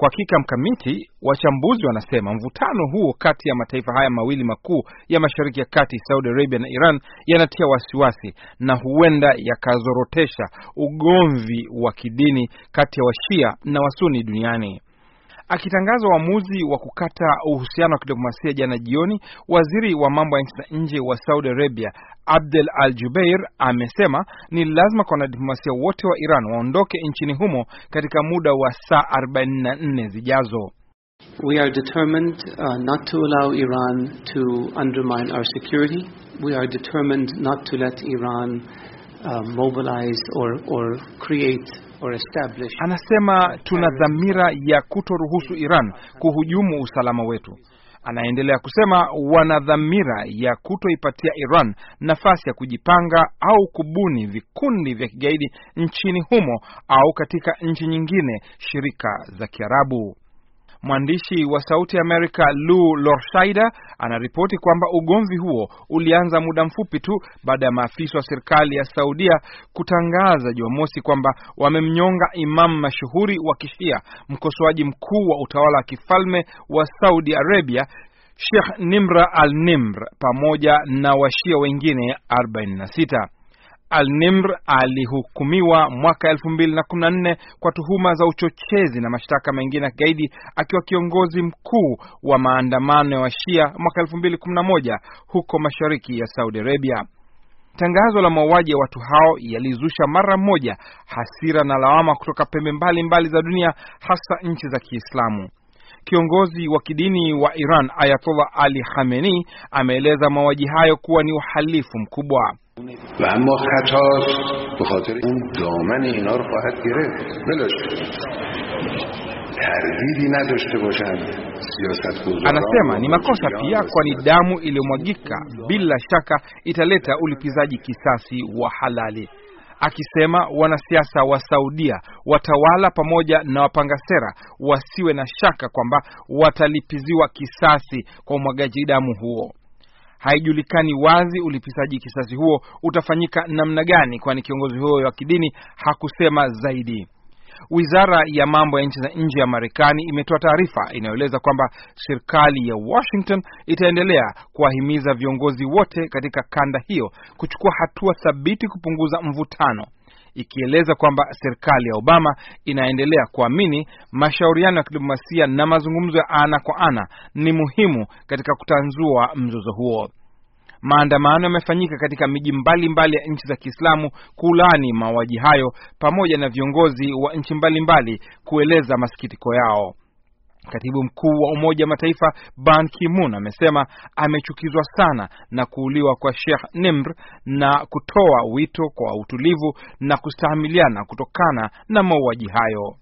Kwa hakika mkamiti, wachambuzi wanasema mvutano huo kati ya mataifa haya mawili makuu ya Mashariki ya Kati, Saudi Arabia na Iran, yanatia wasiwasi na huenda yakazorotesha ugomvi wa kidini kati ya Washia na Wasuni duniani. Akitangaza uamuzi wa kukata uhusiano wa kidiplomasia jana jioni, waziri wa mambo ya nchi za nje wa Saudi Arabia Abdel Al Jubeir amesema ni lazima kwa wanadiplomasia wote wa Iran waondoke nchini humo katika muda wa saa 44 zijazo. We are determined uh, not to allow Iran to undermine our security. We are determined not to let Iran uh, mobilize or, or create Anasema tuna dhamira ya kutoruhusu Iran kuhujumu usalama wetu. Anaendelea kusema wana dhamira ya kutoipatia Iran nafasi ya kujipanga au kubuni vikundi vya kigaidi nchini humo au katika nchi nyingine, shirika za Kiarabu. Mwandishi wa Sauti ya Amerika Lu Lorshaida anaripoti kwamba ugomvi huo ulianza muda mfupi tu baada ya maafisa wa serikali ya Saudia kutangaza Jumamosi kwamba wamemnyonga imamu mashuhuri wa Kishia, mkosoaji mkuu wa utawala wa kifalme wa Saudi Arabia Sheikh Nimra al-Nimr pamoja na washia wengine 46. Al-Nimr alihukumiwa mwaka 2014 kwa tuhuma za uchochezi na mashtaka mengine ya kigaidi akiwa kiongozi mkuu wa maandamano ya shia mwaka 2011 huko mashariki ya Saudi Arabia. Tangazo la mauaji ya watu hao yalizusha mara moja hasira na lawama kutoka pembe mbalimbali mbali za dunia, hasa nchi za Kiislamu. Kiongozi wa kidini wa Iran Ayatollah Ali Khamenei ameeleza mauaji hayo kuwa ni uhalifu mkubwa. و اما خطاست به خاطر اون دامن اینا رو خواهد گرفت بلاش تردیدی نداشته باشند Anasema ni makosa pia, kwani damu iliyomwagika bila shaka italeta ulipizaji kisasi wa halali, akisema wanasiasa wa Saudia, watawala pamoja na wapanga sera wasiwe na shaka kwamba watalipiziwa kisasi kwa umwagaji damu huo. Haijulikani wazi ulipisaji kisasi huo utafanyika namna gani, kwani kiongozi huyo wa kidini hakusema zaidi. Wizara ya mambo ya nchi za nje ya Marekani imetoa taarifa inayoeleza kwamba serikali ya Washington itaendelea kuwahimiza viongozi wote katika kanda hiyo kuchukua hatua thabiti kupunguza mvutano ikieleza kwamba serikali ya Obama inaendelea kuamini mashauriano ya kidiplomasia na mazungumzo ya ana kwa ana ni muhimu katika kutanzua mzozo huo. Maandamano yamefanyika katika miji mbalimbali ya nchi za Kiislamu kulaani mauaji hayo pamoja na viongozi wa nchi mbalimbali kueleza masikitiko yao. Katibu mkuu wa Umoja wa Mataifa Ban Ki-moon amesema amechukizwa sana na kuuliwa kwa Sheikh Nimr na kutoa wito kwa utulivu na kustahamiliana kutokana na mauaji hayo.